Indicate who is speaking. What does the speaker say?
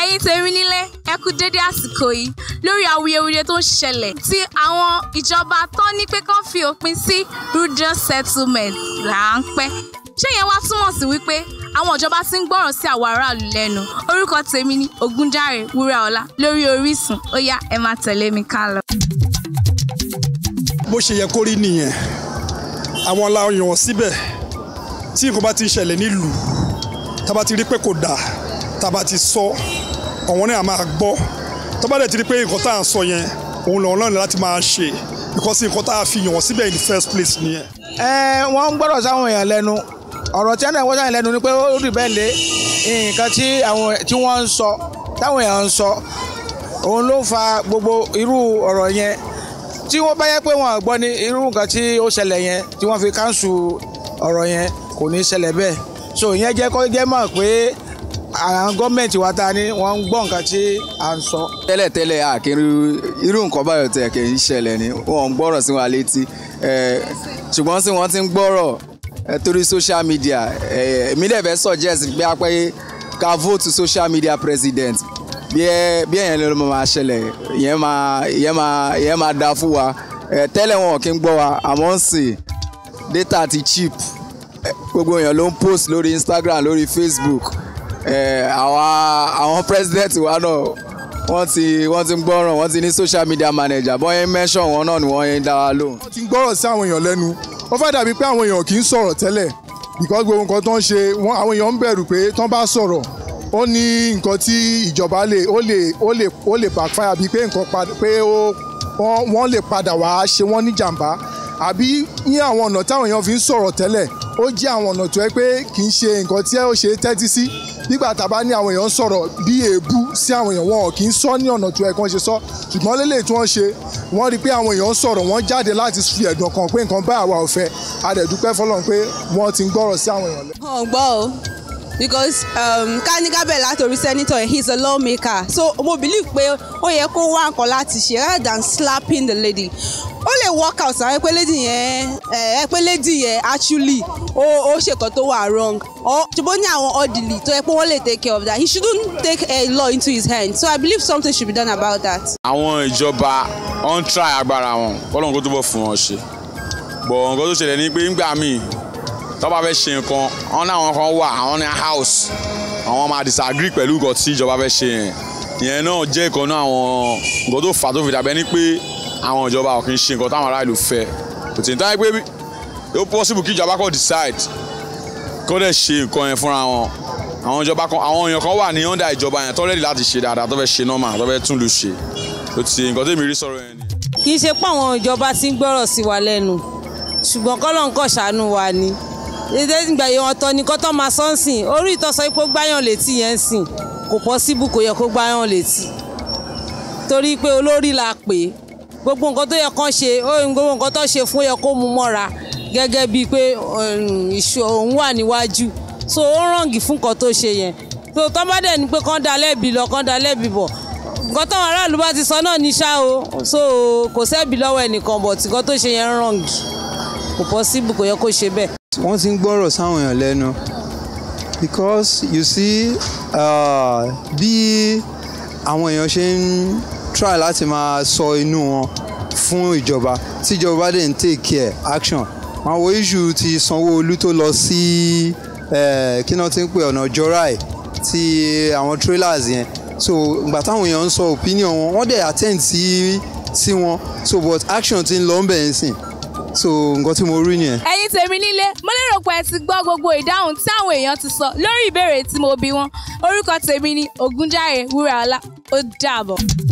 Speaker 1: ẹ̀yin tèmi nílé ẹ kú dédé àsìkò yìí lórí awuyewuye tó ń ṣẹlẹ̀ tí àwọn ìjọba tán ní pé kán fi òpin sí rural settlement ráńpẹ́ ṣé yẹn wá túmọ̀ sí wípé àwọn ìjọba ti ń gbọ́ràn sí àwọn aráàlú lẹ́nu orúkọ tèmi ni Ògúndáre Wúràọlá lórí Orísun ó yá ẹ máa tẹ̀lé mi ká lọ.
Speaker 2: bó ṣe yẹ kó rí nìyẹn àwọn la yàn síbẹ̀ tí nǹkan bá ti ń ṣẹlẹ̀ nílùú tá a bá ti rí pé kò dáa tá a bá ti sọ àwọn náà máa gbọ́ tó bá dẹ̀ ti rí pé nǹkan tá à ń sọ yẹn òun lọ́wọ́ náà láti máa ṣe because nǹkan tá a fi yàn wọ́n síbẹ̀ in the first place nìyẹn.
Speaker 3: ẹ wọ́n ń gbọ́dọ̀ sáwọn èèyàn lẹ́nu ọ̀rọ̀ tí ẹnì wọ́n sáyẹn lẹ́nu ni pé ó rí bẹ́ẹ̀ lé nǹkan tí wọ́n ń sọ táwọn èèyàn ń sọ òun ló fa gbogbo irú ọ̀rọ̀ yẹn tí wọ́n bá yẹ pé wọ́n gbọ́ ní irú nǹkan tí ó ṣẹlẹ̀ yẹn tí wọ́n fi káńsù ọ̀rọ̀ yẹn kò ní ṣẹlẹ̀ bẹ́ẹ̀ so ìyẹn jẹ́ kó jẹ́ mọ̀ pé àwọn gọ́ọ̀mẹ̀ntì wa ta ni wọ́n ń gbọ́ nǹkan tí à ń sọ. tẹ́lẹ̀tẹ́lẹ̀ àkèrè irú nǹkan báyọ̀ tẹ̀ kì í ṣẹlẹ̀ ni wọ́n ń gbọ́rọ̀ sí wa létí ṣùgbọ́n sí wọ́n ti ń gbọ́rọ̀ torí social media èmi dẹ̀ fẹ́ suggest pé apẹ́ ká vote social media president bí ẹ̀yẹn ló máa ṣẹlẹ̀ ìyẹn máa dáa fún wa tẹ́lẹ̀ wọn kì í gbọ́ wa àmọ́ ń sìn data ti cheap gbogbo èèyàn ló ń post lórí Instagram lórí Facebook àwọn àwọn president wa náà wọ́n ti wọ́n ti ń gbọ́ràn wọ́n ti ní social media manager bọ́n yẹn mention wọn náà ni wọ́n yẹn dára lóhùn. wọ́n ti ń gbọ́rọ̀ sí àwọn èèyàn lẹ́nu ó fẹ́ dàbí pé àwọn èèyàn kì í sọ̀rọ̀
Speaker 2: tẹ́lẹ̀ because gbogbo nǹkan tó ń ṣe àwọn èèyàn ń bẹ̀rù pé tán bá sọ̀rọ̀ ó ní nǹkan tí ìjọba lè ó lè ó lè ó lè backfire bíi pé nǹkan pé wọ́n lè padà wá ṣe wọ́n ní jàǹbá àbí ní àwọn ọ̀nà táwọn èèyàn fi ń sọ̀rọ̀ tẹ́lẹ̀ ó jẹ́ àwọn ọ̀nà tó yẹ pé kì í ṣe nǹkan tí ó ṣe tẹ́tí sí nígbà tá a bá ní àwọn èèyàn sọ̀rọ̀ bí èébú sí àwọn èèyàn wọn kì í sọ ní ọ̀nà tó yẹ kán ṣe sọ ṣùgbọ́n lélẹ̀ tí wọ́n ṣe wọ́n rí i pé àwọn èèyàn sọ̀rọ̀ wọ́n jáde láti fi ẹ̀dùn kan pé nǹkan bá àwa ò fẹ́ a dẹ̀ fọlọ́run pé wọ́n ti ń gbọ́rọ̀ sí àwọn èèyàn
Speaker 4: lẹ́ because um, káníkà bẹ̀rẹ̀ látòrí senator he is a lawmaker so mo believe pé ó yẹ kó wá nǹkan láti ṣe rather than slapping the lady ó lè work out sáré pé lady yẹn ẹ pé lady yẹn actually ó ó ṣèkan tó wà wrong or ṣùgbọ́n ní àwọn orderly tó yẹ pé wọ́n lè take care of that he shouldn't take a law into his hand so I believe something should be done about that.
Speaker 5: àwọn ìjọba ọ̀n try agbára wọn kọ́lọ́n kó túbọ̀ fún wọn ṣe bọ̀ nǹkan tó ṣẹlẹ̀ ni pé ńgbà míì tọ́ba fẹ́ ṣe nǹkan wọn ní àwọn kan wà àwọn ní house àwọn máa disagree pẹ̀lú nǹkan tí ìjọba fẹ́ ṣe yẹn ìyẹn náà jẹ́ ìkan náà àwọn nǹkan tó fà tó fi dàbẹ́ ni pé àwọn ìjọba ò kì í ṣe nǹkan táwọn aráàlú fẹ́ kò tí ń táyé pé ó possible kí ìjọba kò decide kó dẹ̀ ṣe nǹkan yẹn fúnra wọn àwọn ìjọba kan àwọn èèyàn kan wà ní under ìjọba yẹn tó ready láti ṣe dáadáa tó fẹ́ ṣe normal tó fẹ́ tún lù ṣe kò tí nǹkan tèmi rí sọ̀rọ̀ yẹn ni. kì
Speaker 4: í ṣe pé àwọn ìjọba ti ń gbọ́rọ̀ sí wa lẹ́nu ṣùgbọ́n kọ́lọ́ ń kọ̀ wa ni ìdẹ́gbà yẹn ọ̀tọ̀ ni kọ́tọ́ máa sọ́ ń sìn orí ìtọ́sọ pé ó gbáyàn létí yẹn ń sìn kò pọ́síbù kò yẹ kó gbáyàn létí torí pé olórí la pè é gbogbo nǹkan tó yẹ kán ṣe gbogbo nǹkan tó ṣe fún yẹ kó mú mọ́ra gẹ́gẹ́ bíi pé um, òun wà níwájú so ó ràǹgì fún nǹkan tó ṣe yẹn tó tọ́ bá dẹ̀ ní pé kán da lẹ́bi lọ kán da lẹ́bi bọ̀ nǹkan táwọn aráàlú bá ti sọ náà ní ṣá o so kò sẹ́bi lọ́wọ́ ẹnìkan bọ̀ tí nǹkan tó ṣe yẹn ń kò possible kò yẹ kó ṣe bẹ́ẹ̀.
Speaker 6: wọ́n ti ń gbọ́rọ̀ sáwọn èèyàn lẹ́nu because you see uh, bí àwọn èèyàn ṣe ń try láti máa sọ inú wọn fún ìjọba tíjọba dẹ̀ ń take care action àwọn wo issue ti Sanwó-Olú tó lọ sí kí náà ti ń pè ọ̀nà Jorai ti àwọn trailers yẹn so ìgbà táwọn èèyàn ń sọ opinion wọn wọ́n dẹ̀ attend sí sí wọn so but action ti ń lọ ń bẹ̀ ń sìn so nǹkan tí mo rí nìyẹn.
Speaker 1: ẹ̀yin tèmi nílé mo lérò pé ẹ ti gbọ́ gbogbo ìdáhùn tí àwọn èèyàn ti sọ lórí ìbéèrè tí mo bi wọn orúkọ tèmi ni Ògúnjàre Wúràọlá ó dàbọ̀.